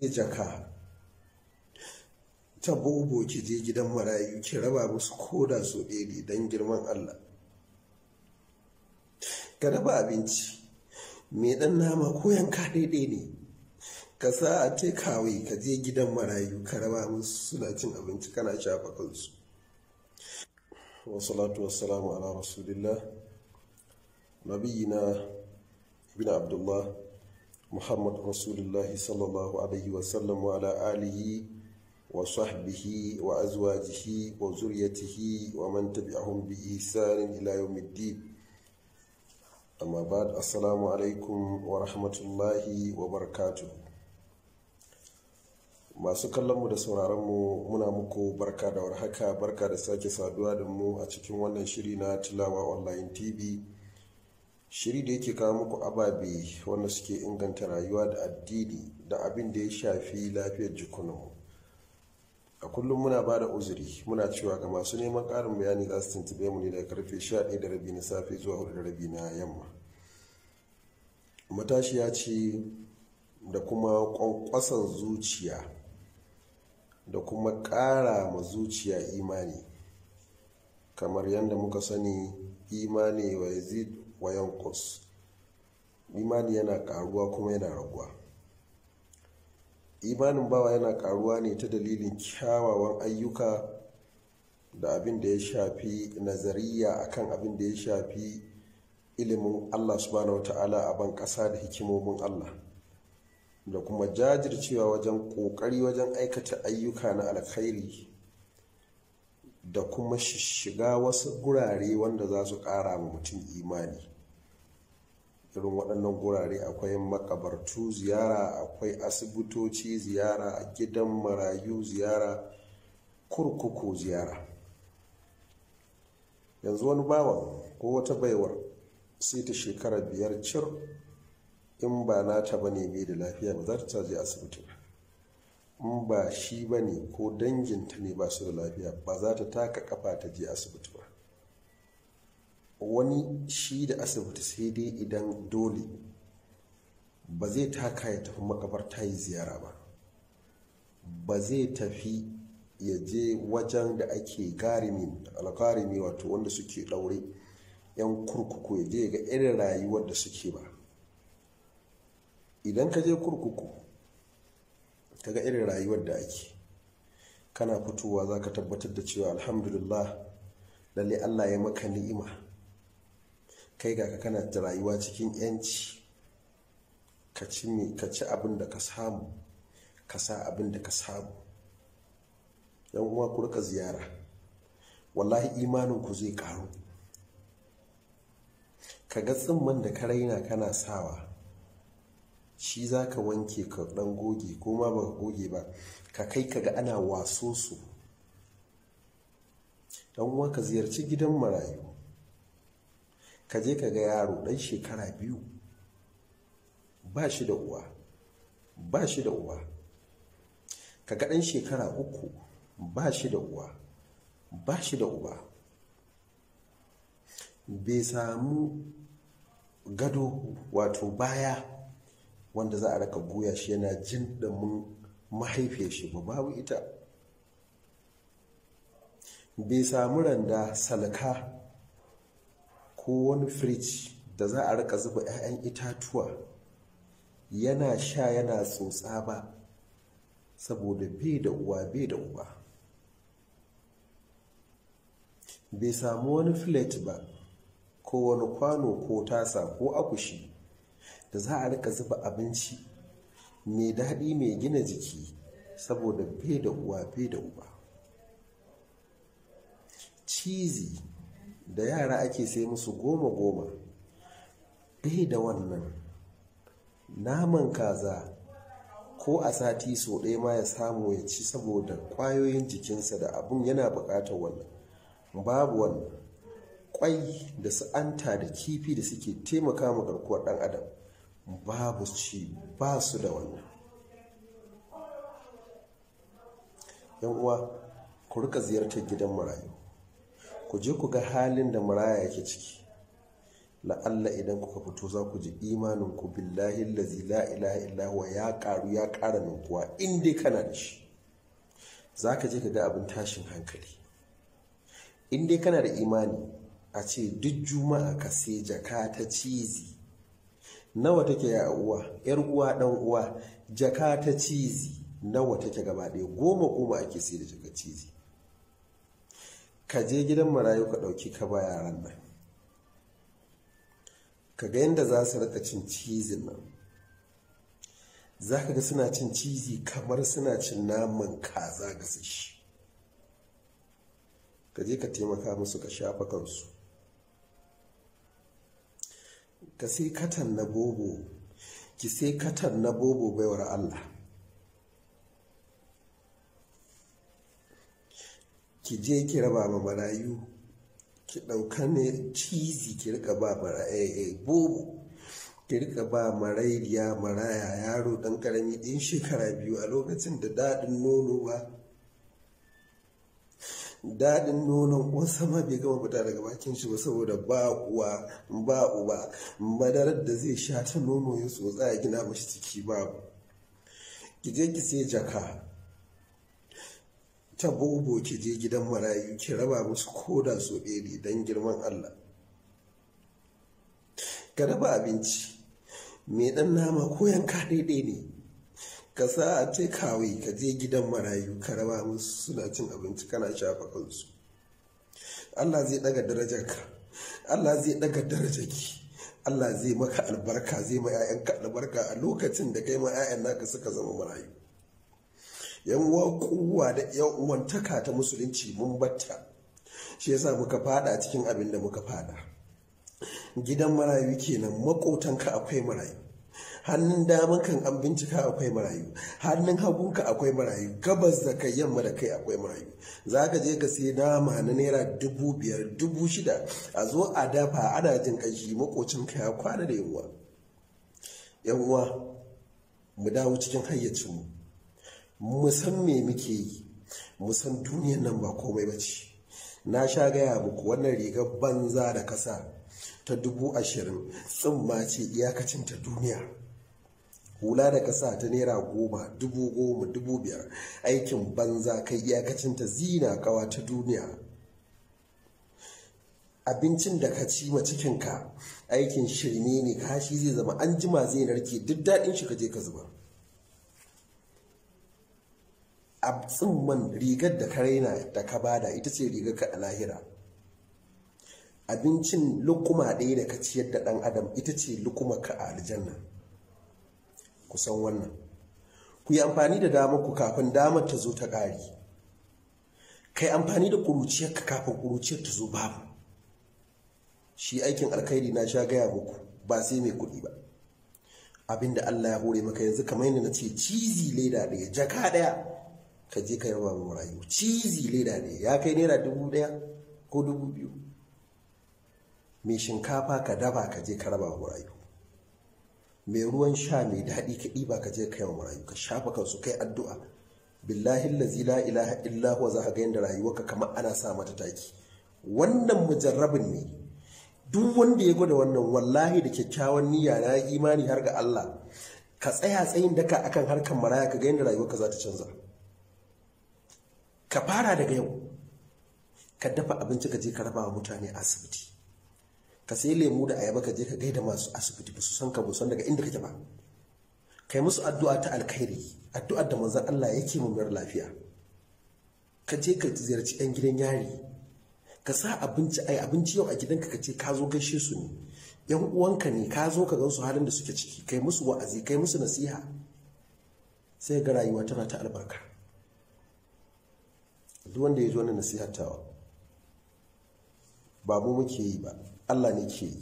sai jaka ta bobo ki je gidan marayu ki raba musu koda su ɗaya don girman Allah ka raba abinci mai ɗan nama ko yanka daidai ne ka sa a te kawai ka je gidan marayu ka raba musu suna cin abinci kana shafa kansu wasalatu wasalamu ala rasulillah nabiyina ibn abdullah muhammad rasulullahi sallallahu alaihi wasallam wa ala alihi wa sahbihi wa azwajihi wa zuriyatihi wa man tabi'ahum bi isarin ila yawmiddin amma ba'd assalamu alaikum wa rahmatullahi wa barkatu. masu kallon mu da sauraron mu muna muku barka da warhaka barka da sake saduwa da mu a cikin wannan shiri na tilawa online tv shiri da yake kawo muku ababe wanda suke inganta rayuwa da addini da abin da ya shafi lafiyar jikunanmu a kullum muna ba da uzuri muna cewa ga masu neman karin bayani za su tuntube mu ne daga karfe 11:30 na safe zuwa 4:30 na yamma matashiya ce da kuma ƙwanƙwasan zuciya da kuma kara ma zuciya imani kamar yadda muka sani imani wa yazid wayan kos imani yana karuwa kuma yana raguwa imanin bawa yana karuwa ne ta dalilin kyawawan ayyuka da abin da ya shafi nazariya akan abin da ya shafi ilimin allah subhanahu ta'ala a ban ƙasa da hikimomin allah da kuma jajircewa wajen kokari wajen aikata ayyuka na alkhairi da kuma shiga wasu gurare wanda za su ƙara ma mutum imani irin waɗannan gurare akwai makabartu ziyara akwai asibitoci ziyara gidan marayu ziyara kurkuku ziyara yanzu wani bawan ko wata baiwar sai ta shekara biyar cir in ba nata ba ne mai da lafiya ba za ta je asibiti ba in ba shi ba ne ko danginta ne ba su da lafiya ba za ta taka kafa ta je asibiti ba wani shi da asibiti sai dai idan dole ba zai taka ya tafi ta yi ziyara ba ba zai tafi ya je wajen da ake garimi alkarimi wato wanda suke daure 'yan kurkuku ya je ga irin rayuwar da suke ba idan ka je kurkuku kaga irin rayuwar da ake kana fitowa za ka tabbatar da cewa alhamdulillah lalle allah ya maka ni'ima kai ga kana da rayuwa cikin yanci ka ci abin da ka samu ka sa abin da ka samu yan uwa ku rika ziyara wallahi imanin ku zai karu ka ga tsimman da ka raina kana sawa shi za ka wanke ka dan goge ko ma ba goge ba ka kai ka ga ana waso su dan uwa ka ziyarci gidan marayu ka je ka ga yaro dan shekara biyu ba shi da uwa ba shi da uwa ka ga dan shekara uku ba shi da uwa ba shi da uba bai samu gado wato baya wanda za a raka goya shi yana jin mun mahaifiyar shi ba babu ita bai samu randa salaka ko wani firij da za a raka zuba 'ya'yan itatuwa yana sha yana tsotsa ba saboda bai da uwa bai da uba bai samu wani filet ba ko wani kwano ko tasa ko akushi da za a rika zuba abinci mai daɗi mai gina jiki saboda bai da uwa da uba cizi da yara ake sai musu goma-goma bai da wannan naman kaza ko a sati so ɗaya ma ya samu ya ci saboda ƙwayoyin jikinsa da abun yana buƙatar wannan babu wannan ƙwai da su anta da kifi da suke taimaka ma garkuwar ɗan adam babu ci ba su da wannan yan uwa ku rika ziyartar gidan marayu ku je ku ga halin da maraya yake ciki la'alla idan kuka fito za ku ji imanin ku billahi lazi la ilaha illahuwa ya karu ya kara ninkuwa in dai kana da shi za ka je ka ga abin tashin hankali in dai kana da imani a ce duk juma'a ka sai jaka ta cizi nawa take ya uwa yar uwa dan uwa jaka ta cizi nawa take gaba ɗaya goma goma ake sai da jaka cizi ka je gidan marayu ka ɗauki ka ba yaran nan ka ga yadda za su rika cin cizin nan za ka ga suna cin cizi kamar suna cin naman kaza gasa shi ka je ka taimaka musu ka shafa kansu ka sai katan na bobo ki sai katan na bobo baiwar allah ki je ki raba ma marayu ki ɗauka ne cizi ki rika ba eh, eh, bobo ki rika ba marairiya maraya yaro ɗan ƙarami ɗin shekara biyu a lokacin da daɗin nono ba daɗin nonon ƙunsa ma bai gama fita daga bakin shi ba saboda ba uwa ba uba madarar da zai sha ta nono ya tsotsa a gina mashi ciki ba. ki je ki sai jaka ta bobo ki je gidan marayu ki raba musu koda so ɗaya don girman allah ka raba abinci mai ɗan nama ko yanka daidai ne ka sa a ce kawai ka je gidan marayu ka raba musu suna cin abinci kana shafa kansu allah zai daga darajarka allah zai daga darajarki allah zai maka albarka zai ma 'ya'yanka albarka a lokacin da kai ma 'ya'yan naka suka zama marayu yan uwa da yan uwantaka ta musulunci mun batta shi yasa muka fada cikin abin da muka fada gidan marayu kenan makotanka akwai marayu hannun daman kan an bincika akwai marayu hannun hagunka akwai marayu gabas da kai yamma da kai akwai marayu za ka je ka sai nama na naira dubu biyar dubu shida a zo a dafa ana jin kashi makocin ka ya kwana da yawa yan uwa mu dawo cikin hayyacin mu san me muke yi mu san duniyan nan ba komai ba ce na sha gaya muku wannan rigar banza da kasa ta dubu ashirin tsumma ce iyakacin ta duniya hula da kasa ta naira goma dubu goma dubu biyar aikin banza kai iyakacinta zina kawa ta duniya abincin da ka ci ma cikinka aikin shirme ne kashi zai zama an jima zai narke duk daɗin shi ka je ka zuba a tsumman rigar da ka raina da ka bada ita ce rigar ka a lahira abincin lukuma ɗaya da ka ciyar da ɗan adam ita ce lukuma ka a aljanna ku san wannan ku yi amfani da damar ku kafin damar ta zo ta ƙari ka yi amfani da ƙuruciyar ka kafin ƙuruciyar ta zo babu shi aikin alkhairi na sha gaya muku ba sai mai kuɗi ba abinda Allah ya hore maka yanzu kamar yadda na ce cizi leda ɗaya jaka ɗaya ka je ka yaba wa rayu cizi leda ɗaya ya kai naira dubu ɗaya ko dubu biyu mai shinkafa ka daba ka je ka raba wa rayu mai ruwan sha mai daɗi ka ɗiba ka je kai wa marayu ka shafa kansu kai addu'a billahi lazi la ilaha illa huwa za ka ga yadda rayuwarka kamar ana sa mata taki wannan mujarrabin ne duk wanda ya gwada wannan wallahi da kyakkyawan niyya na imani har ga Allah ka tsaya tsayin daka akan harkar maraya ka ga yadda rayuwarka za ta canza ka fara daga yau ka dafa abinci ka je ka raba wa mutane asibiti ka sai lemu da ayaba ka je ka gaida masu asibiti ba su san ka ba san daga inda kake ba kai musu addu'a ta alkhairi addu'a da manzon Allah yake mu mai lafiya ka je ka ziyarci yan gidan yari ka sa abinci ai abinci yau a gidanka ka ce ka zo gaishe su ne yan uwanka ne ka zo ka gan su halin da suke ciki kai musu wa'azi kai musu nasiha sai ga rayuwa tana ta albarka duk wanda ya zo wannan nasiha ba mu muke yi ba Allah ne ke yi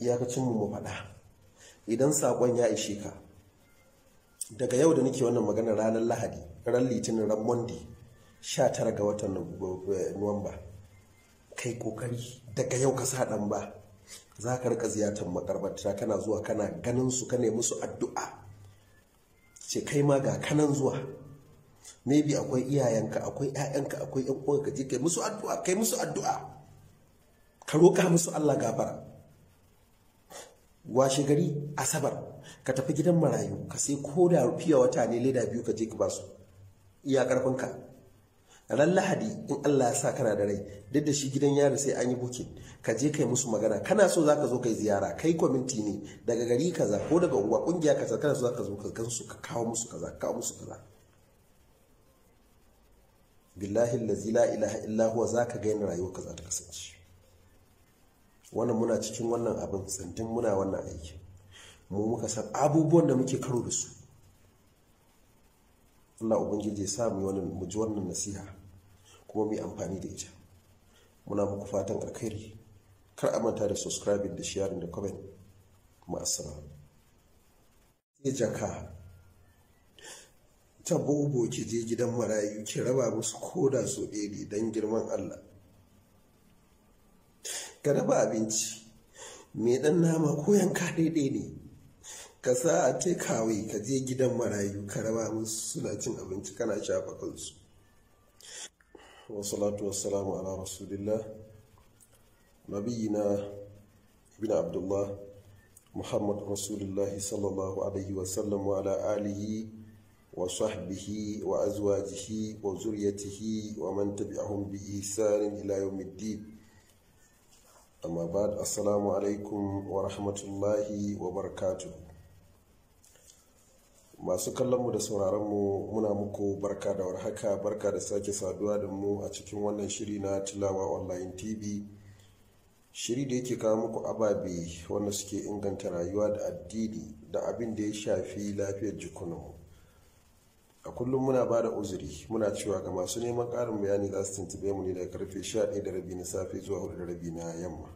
iyakacin mu faɗa idan sakon ya ishe ka daga yau da nake wannan magana ranar Lahadi ran Litinin ran Monday 19 ga watan eh, Nuwamba kai kokari daga yau ka sa ba za ka rika ziyartar makarbata kana zuwa kana ganin su ka nemi su addu'a ce kai ma ga kanan zuwa maybe akwai iyayenka akwai 'ya'yanka akwai 'yan uwanka je kai musu kai musu addu'a ka roƙa musu Allah gafara washe gari asabar ka tafi gidan marayu ka sai ko da rufiya wata ne leda biyu ka je ka basu iya karfinka ran lahadi in Allah ya sa kana da rai duk da shi gidan yari sai an yi bukin ka je kai musu magana kana so zaka zo kai ziyara kai kwaminti ne daga gari kaza ko daga uwa kungiya kaza kana so zaka zo ka gansu ka kawo musu kaza ka kawo musu kaza billahi allazi la ilaha illa huwa zaka ga rayuwar rayuwa kaza ta kasance wannan muna cikin wannan abin tsantin muna wannan aiki mu muka san abubuwan da muke karo da su Allah ubangiji ya sa mu wannan mu ji wannan nasiha kuma mu yi amfani da ita muna muku fatan alkhairi kar a manta da subscribing da sharing da comment ma assalamu sai jaka ta bobo ki je gidan marayu ki raba musu koda so ɗaya ne don girman Allah ka raba abinci mai dan nama ko yanka daidai ne ka sa a kawai ka je gidan marayu ka raba musu suna cin abinci kana shafa kansu wasalatu wasalamu ala rasulillah nabiyina ibn abdullah muhammad rasulullah sallallahu alaihi wasallam wa ala alihi wa sahbihi wa azwajihi wa zuriyatihi wa man tabi'ahum bi ihsanin ila yawmiddin amma ba assalamu alaikum wa rahmatullahi wa barkatu masu kallonmu da sauraronmu muna muku barka da warhaka barka da sake saduwa da mu a cikin wannan shiri na tilawa online tv shiri da yake kawo muku ababe wanda suke inganta rayuwa da addini da abin da ya shafi lafiyar jikunanmu a kullum muna ba da uzuri muna cewa ga masu neman ƙarin bayani za su tuntube mu ne daga karfe 11 da rabi na safe zuwa 4 da rabi na yamma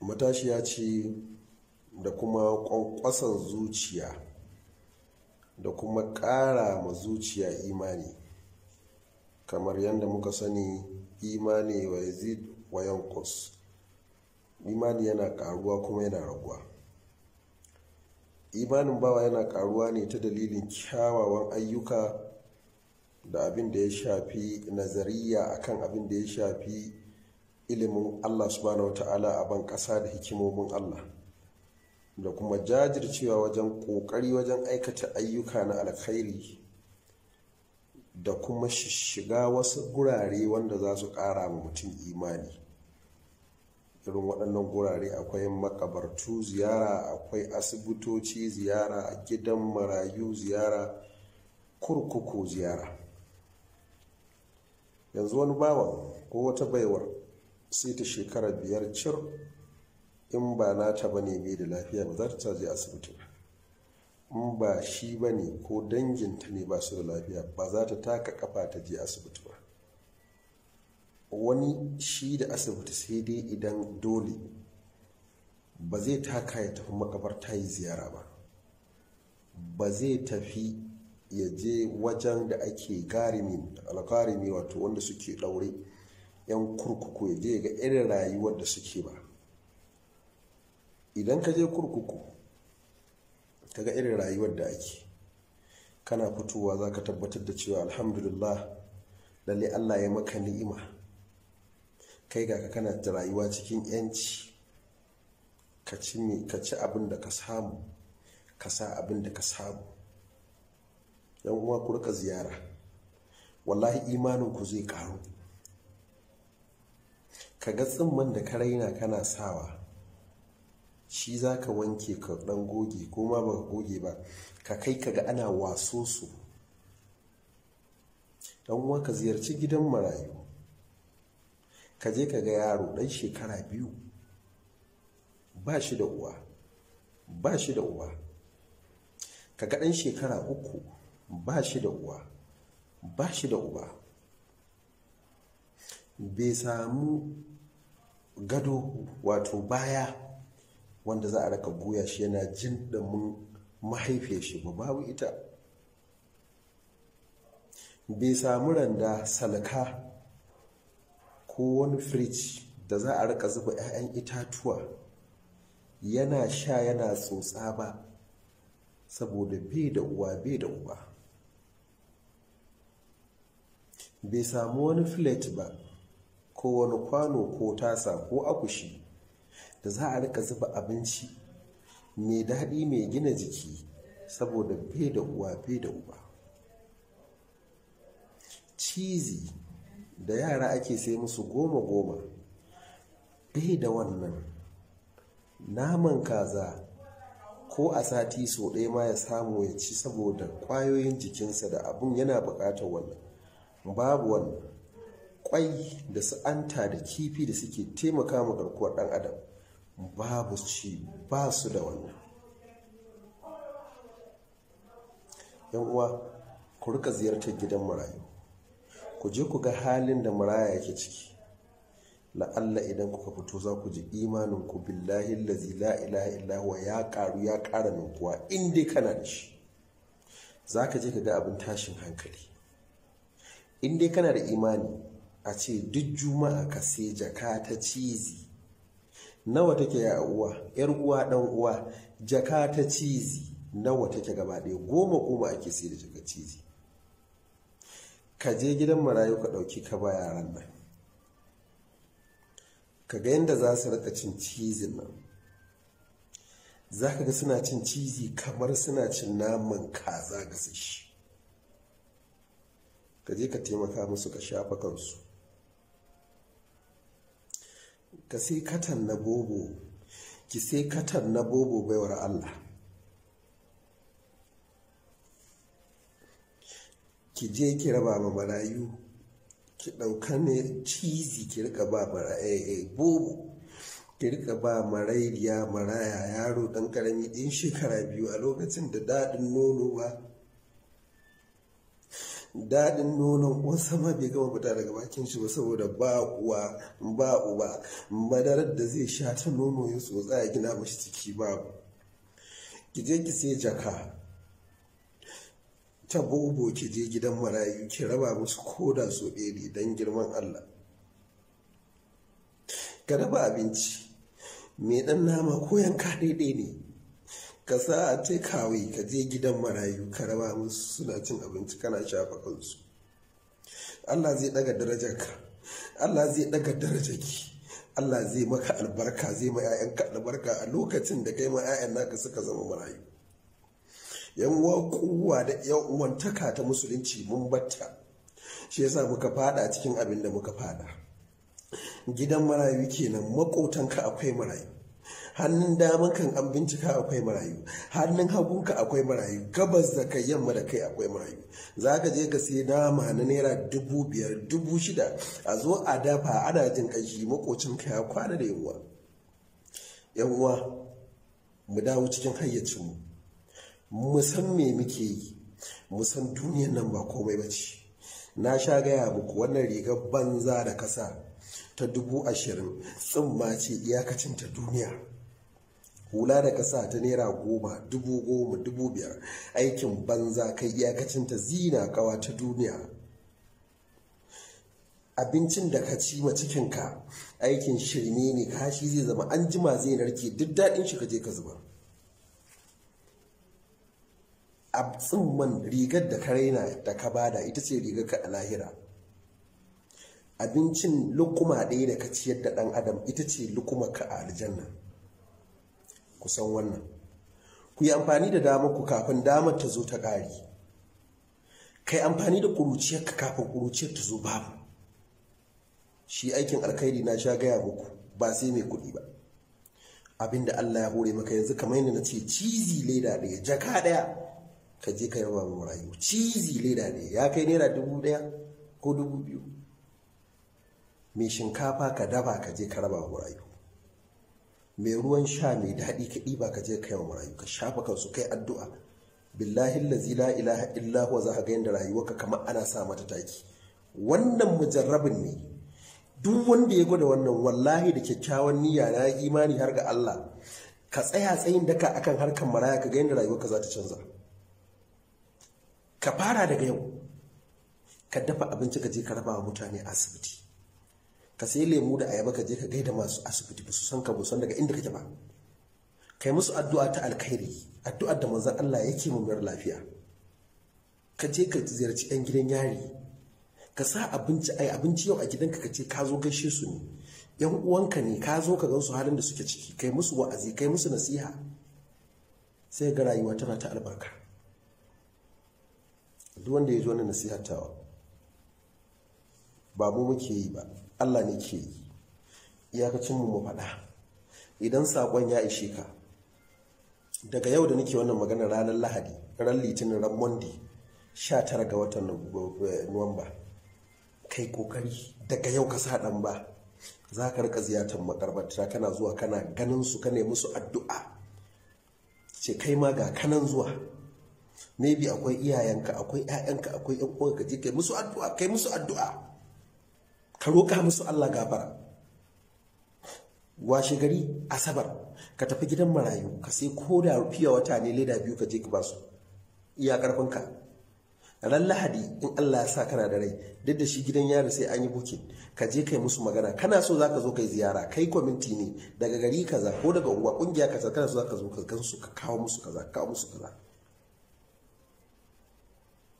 matashiya ce da kuma ƙwanƙwasan zuciya da kuma ƙara ma zuciya imani kamar yadda muka sani imani wa yazid wa yankos imani yana ƙaruwa kuma yana raguwa imanin bawa yana ƙaruwa ne ta dalilin kyawawan ayyuka da abin da ya shafi nazariya akan abin da ya shafi ilimin Allah subhanahu wata'ala a ban ƙasa da hikimomin Allah da kuma jajircewa wajen ƙoƙari wajen aikata ayyuka na alkhairi da kuma shiga wasu gurare wanda za su ƙara ma mutum imani irin waɗannan gurare akwai makabartu ziyara akwai asibitoci ziyara gidan marayu ziyara kurkuku ziyara yanzu wani bawan ko wata baiwar sai ta shekara biyar cir in ba nata ba ne da lafiya ba za ta je asibiti ba in ba shi ba ne ko danginta ne ba su da lafiya ba za ta taka kafa ta je asibiti ba wani shi da asibiti sai dai idan dole ba zai taka ya tafi ta yi ziyara ba ba zai tafi ya je wajen da ake garimi alkarimi wato wanda suke ɗaure 'yan kurkuku ya je ga irin rayuwar da suke ba idan ka je kurkuku ka ga irin rayuwar da ake kana fitowa za ka tabbatar da cewa alhamdulillah lalle allah ya maka ni'ima kai ga ka kana rayuwa cikin 'yanci ka ci abin da ka samu ka sa abin da ka samu yan uwa ku rika ziyara wallahi imanin ku zai karu ka ga tsimman da ka raina kana sawa shi za ka wanke ka dan goge ko ma ba goge ba ka kai ka ga ana waso su dan uwa ka ziyarci gidan marayu ka je ka ga yaro dan shekara biyu ba shi da uwa ba shi da uwa ka ga dan shekara uku ba shi da uwa ba shi da uba bai samu gado wato baya wanda za a raka goya shi yana jin da mahaifiyar shi ba babu ita bai samu randa salaka ko wani firij da za a raka zuba 'ya'yan itatuwa yana sha yana tsotsa ba saboda bai da uwa bai da uba bai samu wani filet ba ko wani kwano ko tasa ko akushi da za a rika zuba abinci mai daɗi mai gina jiki saboda bai da uwa bai da uba cizi da yara ake sai musu goma-goma bai da wannan naman kaza ko a sati so ɗaya ma ya samu ya ci saboda ƙwayoyin jikinsa da abin yana buƙatar wannan babu wannan kwai da su'anta da kifi da suke taimaka ma garkuwar dan adam babu ci ba su da wannan yan uwa ku rika ziyartar gidan marayu ku je ku ga halin da maraya yake ciki la'alla idan kuka fito za ku ji imanin ku billahi lazi la ilaha ya karu ya kara nukuwa inda ka kana da shi za ka je ka ga abin tashin hankali inda ka kana da imani a ce duk juma'a ka sai jaka ta cizi nawa take ya uwa yar uwa dan uwa jaka ta cizi nawa take gaba ɗaya goma goma ake sai da jaka cizi ka je gidan marayu ka ɗauki ka ba yaran nan ka ga yadda za su rika cin cizin nan za ka ga suna cin cizi kamar suna cin naman kaza shi ka je ka taimaka musu ka shafa kansu ka sai katan na bobo ki sai katan na bobo baiwar Allah ki je ki raba ma marayu ki ɗauka ne cizi ki rika ba eh, eh, bobo ki rika ba marairiya maraya yaro ɗan ƙarami ɗin shekara biyu a lokacin da daɗin nono ba daɗin nonon ƙosa sama bai gama fita daga bakin shi ba saboda ba uwa ba uba madarar da zai sha ta nono ya tsotsa ya gina mashi ciki ba ki je ki sai jaka ta bobo ki je gidan marayu ki raba musu koda so ɗaya don girman allah ka raba abinci mai ɗan nama ko yanka daidai ne ka sa a kawai ka je gidan marayu ka raba musu suna cin abinci kana shafa kansu Allah zai daga darajarka Allah zai daga darajarki Allah zai maka albarka zai ma 'ya'yanka albarka a lokacin da kai ma 'ya'yan naka suka zama marayu yan uwa kowa da yan uwantaka ta musulunci mun batta shi yasa muka fada cikin abin da muka fada gidan marayu kenan makotanka akwai marayu hannun daman kan an bincika akwai marayu hannun hagunka akwai marayu gabas da kai yamma da kai akwai marayu za ka je ka sai nama na naira dubu biyar dubu shida a zo a dafa ana jin makocin ka ya kwana da yawa yan uwa mu dawo cikin hayyacinmu mu san me muke yi mu san duniyan nan ba komai ba ce na sha gaya muku wannan rigar banza da kasa ta dubu ashirin tsumma ce iyakacin duniya hula da kasa ta naira goma dubu goma dubu biyar aikin banza kai iyakacinta zina kawa ta duniya abincin da ka ci ma cikinka aikin shirme ne kashi zai zama an jima zai narke duk daɗin shi ka je ka zuba a tsumman rigar da ka raina da ka bada ita ce rigar ka a lahira abincin lukuma ɗaya da ka ciyar da ɗan adam ita ce lukuma ka a aljanna ku san wannan ku yi amfani da damar ku kafin damar ta zo ta ƙari kai amfani da ƙuruciyarka kafin ƙuruciyar ta zo babu shi aikin alkhairi na sha gaya muku ba sai mai kuɗi ba abinda Allah ya hore maka yanzu kamar yadda na ce cizi leda ɗaya jaka ɗaya ka je ka yaba mu rayu cizi leda ɗaya ya kai naira dubu ɗaya ko dubu biyu mai shinkafa ka daba ka je ka raba mu rayu mai ruwan sha mai daɗi ka ɗiba ka je kai wa marayu ka shafa kansu kai addu'a billahi lazi la ilaha illa za ka ga yadda rayuwarka kamar ana sa mata taki wannan mujarrabin ne duk wanda ya gwada wannan wallahi da kyakkyawan niyya na imani har ga Allah ka tsaya tsayin daka akan harkar maraya ka ga yadda ka za ta canza ka fara daga yau ka dafa abinci ka je ka raba wa mutane asibiti ka sai lemu da ayaba ka je ka gaida masu asibiti ba su san ka san daga inda kake ba kai musu addu'a ta alkhairi addu'ar da manzon Allah yake mu mai lafiya ka je ka ziyarci yan gidan yari ka sa abinci ai abinci yau a gidanka ka ce ka zo gaishe su ne yan uwanka ne ka zo ka gansu halin da suke ciki kai musu wa'azi kai musu nasiha sai ga rayuwa tana ta albarka duk wanda ya zo na nasiha tawa ba muke yi ba Allah ne ke yi iyakacin mu faɗa idan saƙon ya ishe ka daga yau da nake wannan magana ranar lahadi ran litinin ran monday 19 ga watan nuwamba eh, kai kokari daga yau ka sa ɗan ba za ka rika ziyartar makarbata kana zuwa kana ganin su ka nemi su addu'a ce kai ma ga kanan zuwa maybe akwai iyayenka akwai 'ya'yanka akwai 'yan uwanka je kai musu addu'a kai musu addu'a ka roƙa musu Allah gafara washe gari asabar ka tafi gidan marayu ka sai ko da rufiya wata ne leda biyu ka je ka basu iya ƙarfinka. ran lahadi in Allah ya sa kana da rai duk da shi gidan yari sai an yi bukin ka je kai musu magana kana so zaka zo kai ziyara kai kwaminti ne daga gari kaza ko daga unguwa kungiya kaza kana so zaka zo ka gansu ka kawo musu kaza ka kawo musu kaza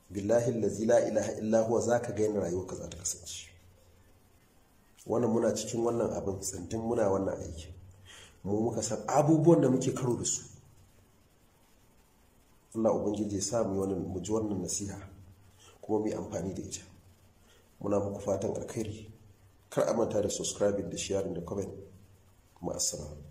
billahi allazi la ilaha illa huwa zaka ga rayuwar rayuwa kaza ta kasance wannan muna cikin wannan abin tsantin muna wannan aiki mu muka san abubuwan da muke karo da su Allah ubangiji ya sa mu wannan mu ji wannan nasiha kuma mu amfani da ita muna muku fatan alkhairi kar a manta da subscribing da sharing da comment kuma assalamu